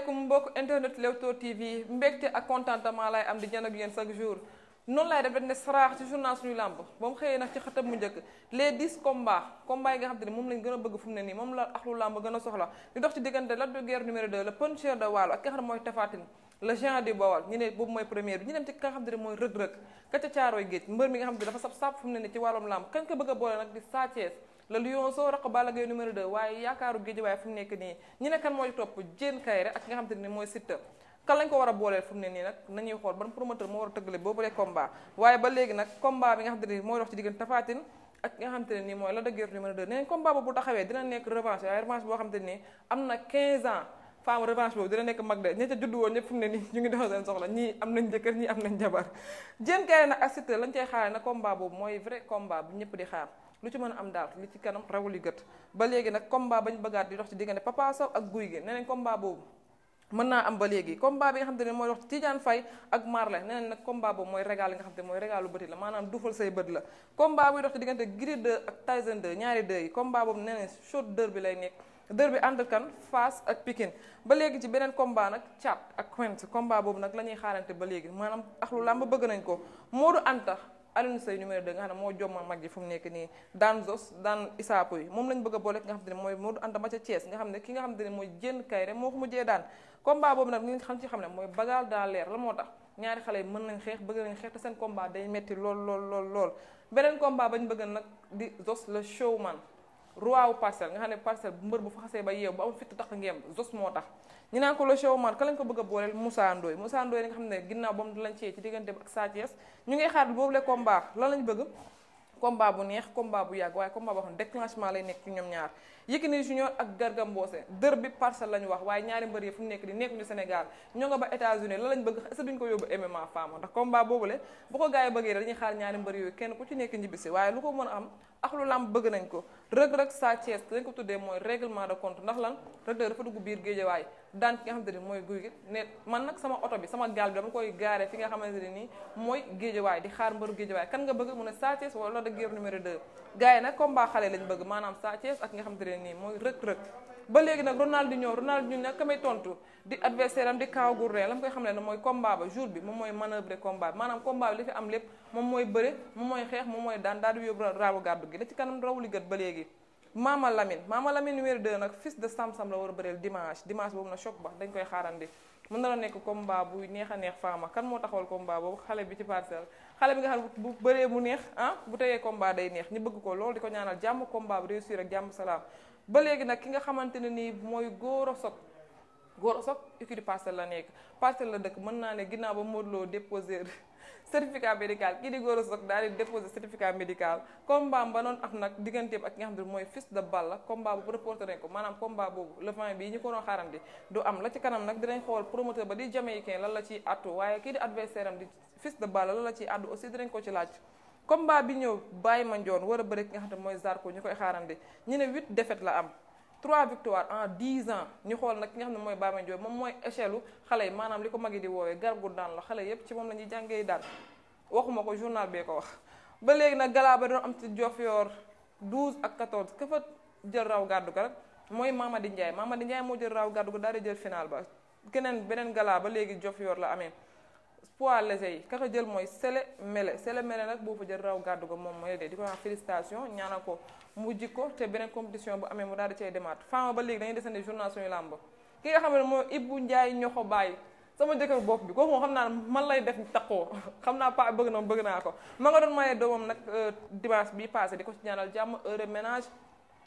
asalaamaaleykum mbokk internet Leewtoo TV mbégte ak contentement lay am di jën ak yéen chaque jour noonu laay def rek ne saraax ci journal suñu làmb ba mu xëyee nag ci xatam mu njëkk les dix combats combats yi nga xam ne moom lañ a la axlu a soxla di dox ci de Guiers numéro ne boobu mooy première bi ñu dem ci ki xam ne mooy Reug Reug ka ca Géej mbër mi nga xam te dafa sab sab fu ne nii ci wàllum làmb kan ko bëgg a boole nag di Sa Thiès la lion soo raq Balla Gaye numéro 2 waaye yaakaaru Guédiawaye fu mu nekk nii ñi ne kan mooy topp Diène Kaïré ak nga xam te ne mooy Siteu kan lañ ko war a booleel fu mu ne nii nag nañuy xool ban promoteur moo war a tëggale boobulee combat waaye ba léegi nag combat bi nga xam te ne mooy dox ci diggante Tapha ak nga xamante ne nii mooy Lac de Guiers numéro 2 combat boobu taxawee dina nekk revanche waaye revanche boo xamante ne nii am na 15 ans femme revanche boobu dina nekk mag de ña ca juddu woon ñëpp fu mu ne nii ñu ngi dox seen soxla ñii am nañ jëkkër ñii am nañ jabar Diène nag ak Siteu lañ ci mën a am daal li ci kanam rawul yi gët ba léegi nag combat bañ bëggaat di dox ci diggante Papa Sow ak Gouye Gui neneen combat boobu mën naa am ba léegi combat bi nga xam te ne mooy wax Tidiane Faye ak Marley neneen nag combat boobu mooy régal li nga xam te ne mooy régalu bëti la maanaam duufal say bët la dër bi ànd kan Fass ak Pikine ba léegi ci beneen combat nag Thiat ak Quench combat boobu nag la ñuy xaarante ba léegi maanaam axlu làmb bëgg nañ ko Modou Anta Alioune Seye numéro 2 nga xam ne moo jommal mag ji fu mu nekk nii daan Zos daan Isaapu yi moom lañ bëgg a boole nga xam ne mooy Modou Anta ma ca Thiès nga xam ne ki nga xam te ne mooy Diène Kaïré moo ko mujjee daan combat boobu nag li xam ci xam ne mooy bagaal daa leer la moo tax ñaari xale yi mën nañ xeex bëgg nañ xeex te seen combat day metti lool lool lool lool beneen combat bañ bëgg nag di Zos le showman roi wu parcelle nga xam ne parcelle bu mbër bu fa xasee ba yeew bu am fitu tax ngeem zos moo tax ñu naan ko le showman ka lañ ko bëgg a booleel Moussa Ndoye Moussa Ndoye nga xam ne ginnaaw ba mu lañ cee ci diggante ak Sa Thiès ñu ngi xaar boobu le combat lan lañ bëgg combat bu neex combat bu yàgg waaye combat boo xam ne déclenchement lay nekk ci ñoom ñaar Yékini Junior ak Garga dër bi parcelle la wax waaye ñaari mbër yi fu mu nekk di nekkuñu Sénégal ñoo nga ba États-Unis la lañ bëgg est-ce duñ ko yóbbu MMA femme ndax combat boobule bu ko gars bëggee dañuy xaar ñaari mbër yooyu kenn ku ci nekk ñibbisi waaye lu ko mën am ak lu bëgg nañ ko Reug Reug Sa Thiès lañ ko tuddee mooy règlement de compte ndax lan Reug Reug daan ki nga xamante ni mooy guy ne man nag sama oto bi sama gaal bi dama koy gaare fi nga xamante ne nii mooy géejawaay di xaar mbaru géejawaay kan nga bëgg mu ne Sa Thiès wala de guerre numéro 2 gars yi nag combat xale lañ bëgg maanaam Sa Thiès ak nga xamante ne nii mooy rëg-rëg ba léegi nag Ronaldinho Ronaldinho nag ka may tontu di adversaire am di Kaw Gourdin la mu koy xam ne mooy combat ba jour bi moom mooy manoeuvre combat bi maanaam combat bi li fi am lépp moom mooy bëre moom mooy xeex moom mooy daan daal di yóbbu gi la ci kanam rawuli ba léegi Mama Lamine Mama Lamine numéro de nag fils de Samsam la war a bëreel dimanche dimanche boobu nag choc ba dañ koy xaarandi mën na la nekk combat bu neex a neex faama kan moo taxawal combat boobu xale bi ci parcelle xale bi nga xam bu bëree mu neex ah bu tegee combat day neex ñi bëgg ko loolu di ko ñaanal jàmm combat bi réussir ak jàmm salaam ba léegi nag ki nga xamante ne nii mooy góor a sog góor soog écurie parcelle la nekk parcelle la dëkk mën naa ne ginnaaw ba Modou Lo déposé certificat médical kii di góor soog daal di déposé certificat médical combat ba noonu am nag digganteem ak ki nga xam ne mooy fils de Balla combat boobu reporté nañ ko maanaam combat boobu le vin bii ñu ko doon xaarandi du am la ci kanam nag dinañ xool promoteur ba di jamaïcain lan la ciy attu waaye kii di adversaire am di fils de Balla la ciy àddu aussi dinañ ko ci bi ñëw bàyyi ma njoon war a bëri ki nga xam ne mooy Zarko ñu koy xaarandi ñu ne huit la am trois victoires en dix ans ñu xool nag ki nga xam ne mooy Bamay Ndoye moom mooy échelle u xale yi maanaam li ko mag yi di woowee garab gu daan la xale yépp ci moom la jàngee daan waxuma ko journal bee ko wax ba léegi nag galaa ba doon am jof Diofior 12 ak 14 ka fa jël raw gàddu ga rek mooy Mamadi Ndiaye Mamadi Ndiaye moo jël raw gàddu ga daal di jël final ba keneen beneen galaa ba léegi Diofior la amee poids léger yi ka ko jël mooy Sele Mele Sele Mele nag boo fa jël raw gàddu ko moom mooy de di ko wax félicitation ñaanal ko mu jikko te beneen compétition bu amee mu daal di cay demaat faama ba léegi dañuy desandi journal suñu làmb ki nga xam ne mooy Ibou Ndiaye ñoxo bàyyi sama jëkkër bopp bi kooku moom xam naa man lay def taqoo xam naa pa bëgg na bëgg naa ko ma nga doon mayee doomam nag euh, dimanche bi passé di ko ci ñaanal jàmm heure ménage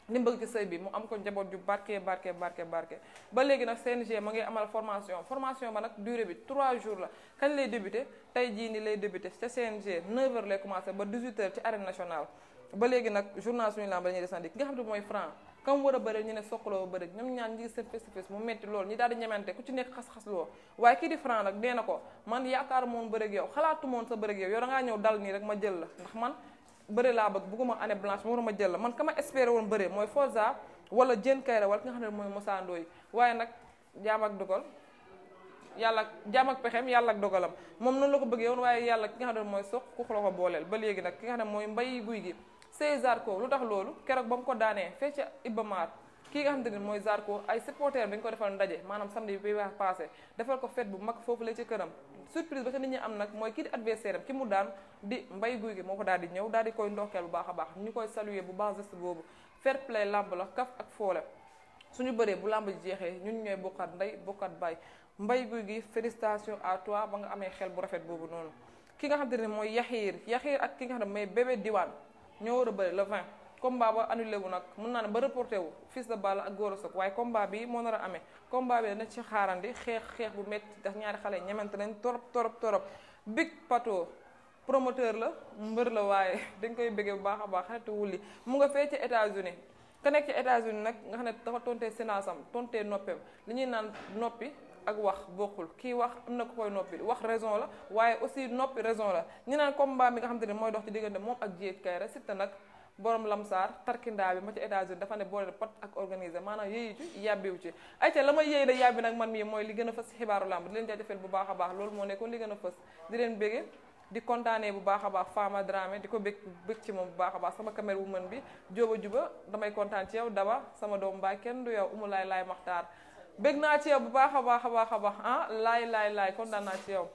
li mu bëgg ci sëy bi mu am ko njaboot ju barke barke barke barke ba léegi nag CNG ma ngi amal formation formation ba nag durée bi 3 jours la kañ lay débuté tey jii ni lay débuté ca CNG 9h lay commencé ba 18 ci arène nationale ba léegi nag journal suñu lamb dañuy desandi ki nga xam ne mooy franc kam war a bëri ñu ne soqaloo bëri ñoom ñaan ñi seen face to face mu metti loolu ñi daal di ñemente ku ci nekk xas-xas loo waaye kii di nee na ko man yaakaar moon bëri ak yow xalaatu moon sa bëri ak yow ñëw dal nii rek ma jël la ndax man bëre laa bëgg bugguma année blanche moom waruma jël man ka ma espéré woon bëre mooy Forza wala Diène Kaïré wala ki nga xam ne mooy waaye nag jaam ak dogal yàlla jaam ak pexem yàlla ak dogalam moom noonu la ko bëggee waaye yàlla ki nga xam ne mooy soq ku xuloo ko booleel ba léegi nag ki nga xam ne mooy mbay guy gi sey Zarko lu tax loolu keroog ba mu ko daanee fee ca Ibamar ki nga xamante ne mooy Zarko ay supporter dañ ko defal ndaje maanaam samedi bi waa passé defal ko fête bu mag foofu la ci këram surprise ba ca nit ñi am nag mooy kii di adversaire ki mu daan di mbay guy gi moo ko daal di ñëw daal di koy ndokkeel bu baax a baax ñu koy saluer bu baax geste boobu fair play làmb la kaf ak foole suñu bëree bu làmb ji jeexee ñun ñooy bokkaat ndey bokkaat bay mbay guy gi félicitation à toi ba nga amee xel bu rafet boobu noonu ki nga xam te ne mooy yaxiir yaxiir ak ki nga xam ne mooy bébé diwaan ñoo war a bëri le 20 combat ba annulé wu nag mun naa ne ba reporté wu Fils de Balla ak Gora Sock waaye combat bi moo nar a amee combat bi dana ci xaarandi xeex xeex bu métti ndax ñaari xale ñemante nañ torop torop torop Big Pato promoteur la mbër la waaye dañ koy bëggee bu baax a baax xaritu wulli mu nga fee ci États-Unis ka ci États-Unis nag nga xam ne dafa tontee sénaasam tontee noppeem li ñuy naan noppi ak wax bokkul kii wax na ko noppi wax raison la waaye aussi noppi raison la ñu naan combat bi nga xam te ne mooy dox ci diggante moom ak Dièye Kaïré Siteu nag borom lamsaar tarkindaa bi ma ci États-Unis dafa ne boole pot ak organisé maanaam yéeyu ci yàbbiwu ay ca la may yéey da yàbbi nag man mii mooy li gën a fës xibaaru làmb di leen jaajëfal bu baax a baax loolu moo nekkoon li gën a fës di leen bége di kontaanee bu baax a baax faama Dramé di ko bég bég ci moom bu baax a baax sama caméra bu man bi jóoba juba damay kontaan ci yow daba sama doomu mbaay kenn du yow umu laay laay maxtaar bég naa ci bu baax a baax a baax a baax ah laay laay laay kontaan naa ci yow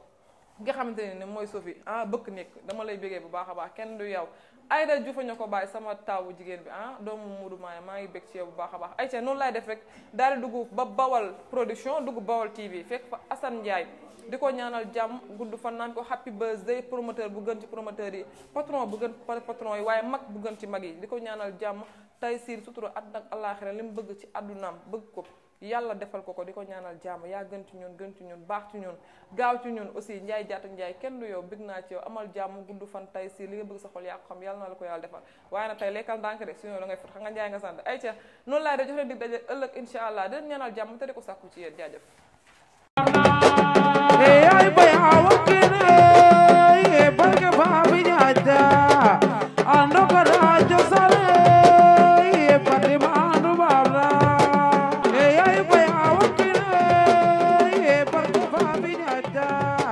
ki nga xamante ne mooy Sophie ah bëkk nekk dama lay bégee bu baax a baax kenn du yow Aïda Diouf ña ko bàyyi sama taawu jigéen bi ah doomu Modou Maye maa ngi bég ci yow bu baax a baax ayca noonu laay def rek daal di ba Bawal production dugg Bawal TV fekk fa Assane Ndiaye di ko ñaanal jàmm gudd fan naan ko happy birthday promoteur bu gën ci promoteur yi patron bu gën patron yi waaye mag bu gën ci mag yi di ko ñaanal jàmm tey siin sutura at nag àllaaxira li mu bëgg ci àddunaam bëgg ko yàlla defal ko ko di ko ñaanal jàmm yaa gën ci ñun gën ci ñun baax ci ñun gaaw ci ñun aussi njaay jaata njaay kenn du yow bëgg naa ci yow amal jàmm gudd fan tay si li nga bëgg sa xol yaa ko xam yàlla na la ko yàlla defal waaye nag tey lekkal ndànk de sinon da ngay fot xam nga njaay nga sant ay ca noonu laay da jox leen dig ëllëg incha allah di ñaanal jàmm te di ko sàkku ci yéen jaajëf